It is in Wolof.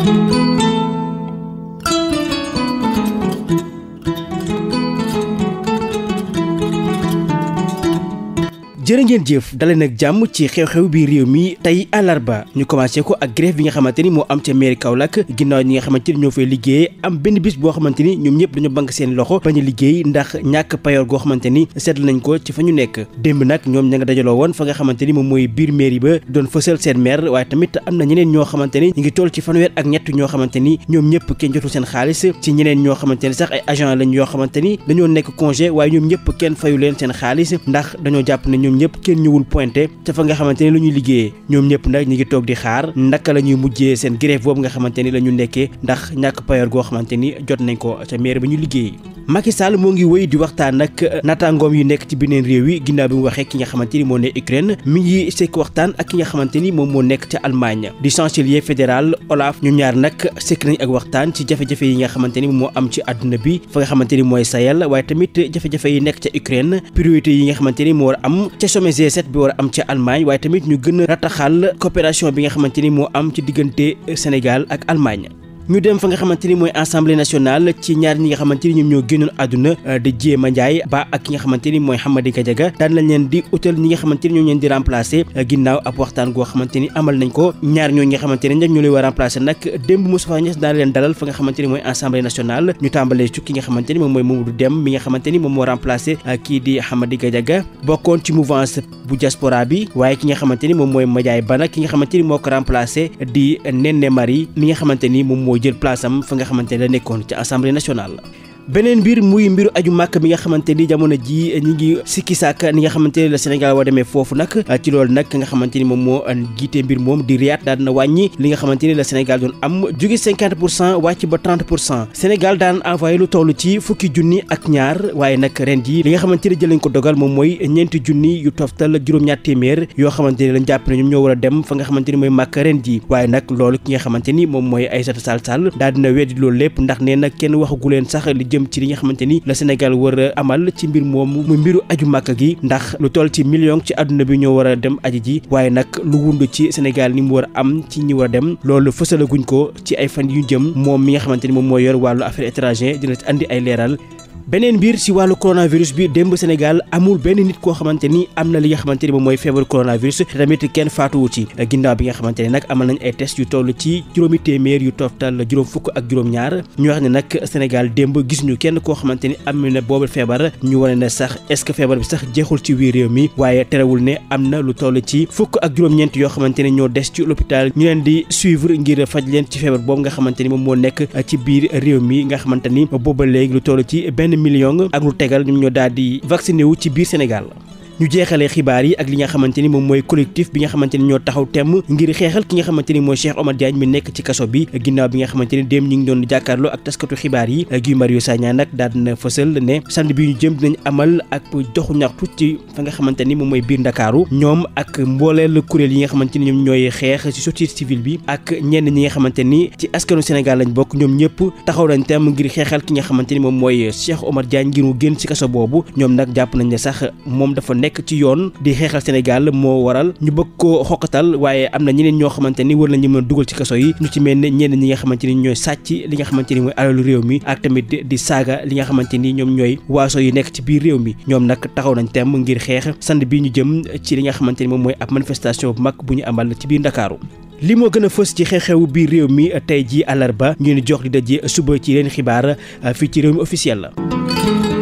thank you jër jërë ngeen jëf dalee nag jàmm ci xew-xew bi réew mi tey àllarba ñu commencé ko ak grève bi nga xamante ni moo am ca mairie Kaolack ginnaaw ñi nga xamante ni ñoo liggéey am benn bis boo xamante ni ñoom ñëpp dañu bank seen loxo bañ a liggéey ndax ñàkk payoor goo xamante ni seetlu nañ ko ci fa ñu nekk démb nag ñoom ña nga dajaloo woon fa nga xamante ni moom mooy biir mairie ba doon fësal seen maire waaye tamit am na ñeneen ñoo xamante ni ñu ngi toll ci fanweer ak ñett ñoo xamante ni ñoom ñëpp kenn seen xaalis ci ñeneen ñoo xamante ni sax agent lañ yoo xamante ni dañoo nekk congé waaye ñoom ñëpp kenn fayu leen seen xaalis ndax dañoo ñoom ñëpp kenn ñëwul pointé ca fa nga xamante ni la ñuy liggéeyee ñoom ñëpp nag ñu ngi toog di xaar naka la ñuy mujjee seen grève boobu nga xamante ni la nekkee ndax ñàkk payoor goo xamante ni jot nañ ko ca maire ba ñu liggéey Macky Sall moo ngi wéy di waxtaan nag naataangoom yu nekk ci beneen réew yi ginnaaw bi mu waxee ki nga xamante ni moo ne Ukraine mi ngi sekk waxtaan ak ki nga xamante ni moom moo nekk ca Allemagne di chancelier fédéral Olaf ñu ñaar nag sekki nañ ak waxtaan ci jafe-jafe yi nga xamante ni moo am ci àdduna bi fa nga xamante ni mooy Sahel waaye tamit jafe yi nekk ca Ukraine priorité yi nga xamante ni moo am ca sommet G7 bi war a am ca Allemagne waaye tamit ñu gën a rataxal coopération bi nga xamante ni moo am ci diggante Sénégal ak Allemagne ñu dem fa nga xamante ni mooy assemblée nationale ci ñaar ñi nga xamante ni ñoom ñoo génnoon àdduna di Jéema Ndiaye ba ak ki nga xamante ni mooy Hamady Gadiaga nag a remplacer nag démb Moustapha Niasse daan leen dalal fa nga xamante ni mooy ki nga xamante ni moom mooy Mamadou moo remplacer kii di Hamady Gadiaga bokkoon ci ko remplacer di Néné Marie mi nga xamante ni moom mooy jël place am fa nga xamante ne la nekkoon ca assemblée nationale beneen mbir muy mbiru aju màkk mi nga xamante ni jamono ji ñi ngi sikki sàkk ni nga xamante ni la Sénégal waa demee foofu nag ci loolu nag nga xamante ni moom moo jiite mbir moom di Riyad daan na wàññi li nga xamante ni la Sénégal doon am jóge 50 pour cent wàcc ba 30 pour cent Sénégal daan envoyé lu toll ci fukki junni ak ñaar waaye nag ren ji li nga xamante ni jël ko dogal moom mooy ñeenti junni yu toftal juróom-ñaar téeméer yoo xamante ni lañ jàpp ne ñoom ñoo a nga xamante ni mooy màkk ren ji waaye nag loolu nga xamante ni moom mooy Aïssata Sall Sall daal dina weddi loolu lépp ndax nee nag kenn waxagu leen sax jëm ci li nga xamante ni la Sénégal war a amal ci mbir moom mu mbiru aju màkk gi ndax lu toll ci millions ci àdduna bi ñoo war a dem aji ji waaye nag lu wund ci Sénégal ni mu war a am ci ñi war a dem loolu fësalaguñ ko ci ay fan yu jëm moom mi nga xamante ni moom mooy yor wàllu affaire étranger dina ci indi ay leeral beneen biir si wàllu coronavirus bi démb Sénégal amul benn nit koo xamante ni am na li nga xamante ni moom mooy feebaru coronavirus te tamit kenn faatuwu ci ginnaaw bi nga xamante ne nag amal nañ ay test yu toll ci juróomi téeméer yu toftal juróom fukk ak juróom-ñaar ñu wax ne nag Sénégal démb gisuñu kenn koo xamante ni am na boobu feebar ñu wane ne sax est-ce que feebar bi sax ci biir réew mi waaye terewul ne am na lu toll ci fukk ak juróom-ñeent yoo xamante ne ñoo des ci leen di suivre ngir leen ci feebar boobu nga xamante ni moom moo nekk ci biir réew mi nga xamante ni booba léegi lu toll ci benn million ak lu tegal ñu ñoo daal di vacciné wu ci biir Sénégal ñu jeexalee xibaar yi ak li nga xamante ni moom mooy collectif bi nga xamante ni ñoo taxaw temm ngir xeexal ki nga xamante ni mooy Cheikh Omar nekk ci kaso bi ginnaaw bi nga xamante ni démb ñu ngi doon jàkkaarloo ak taskatu xibaar yi Guy nga xamante ni moom mooy biir Ndakaaru ñoom ak mbooleel kuréel yi nga xamante ni ñoom ñooy xeex ci société civile bi ak ñenn ñi nga xamante ni ci askanu Sénégal lañ bokk ñoom ñëpp taxaw nañ temm ngir xeexal ki nga xamante ni moom mooy Cheikh Omar Diagne ngir mu génn ci kaso boobu ñoom nag jàpp nañ ne sax moom dafa nekk ci yoon di xeexal Sénégal moo waral ñu bëgg koo xoqatal waaye am na ñeneen ñoo xamante ni war nañu mën dugal ci kaso yi ñu ci mel ne ñeneen ñi nga xamante ni ñooy sàcc li nga xamante ni mooy alalu réew mi ak tamit saaga li nga xamante ni ñoom ñooy waaso yi nekk ci biir réew mi ñoom nag taxaw nañ tem ngir xeex sand bi ñu jëm ci li nga xamante ni moom mooy ab manifestation bu mag bu ñu amal ci biir Ndakaaru li moo gën a fës ci xew-xew biir réew mi tey jii ba ñu ni jox di daje suba ci leen xibaar fii ci réew mi officiel la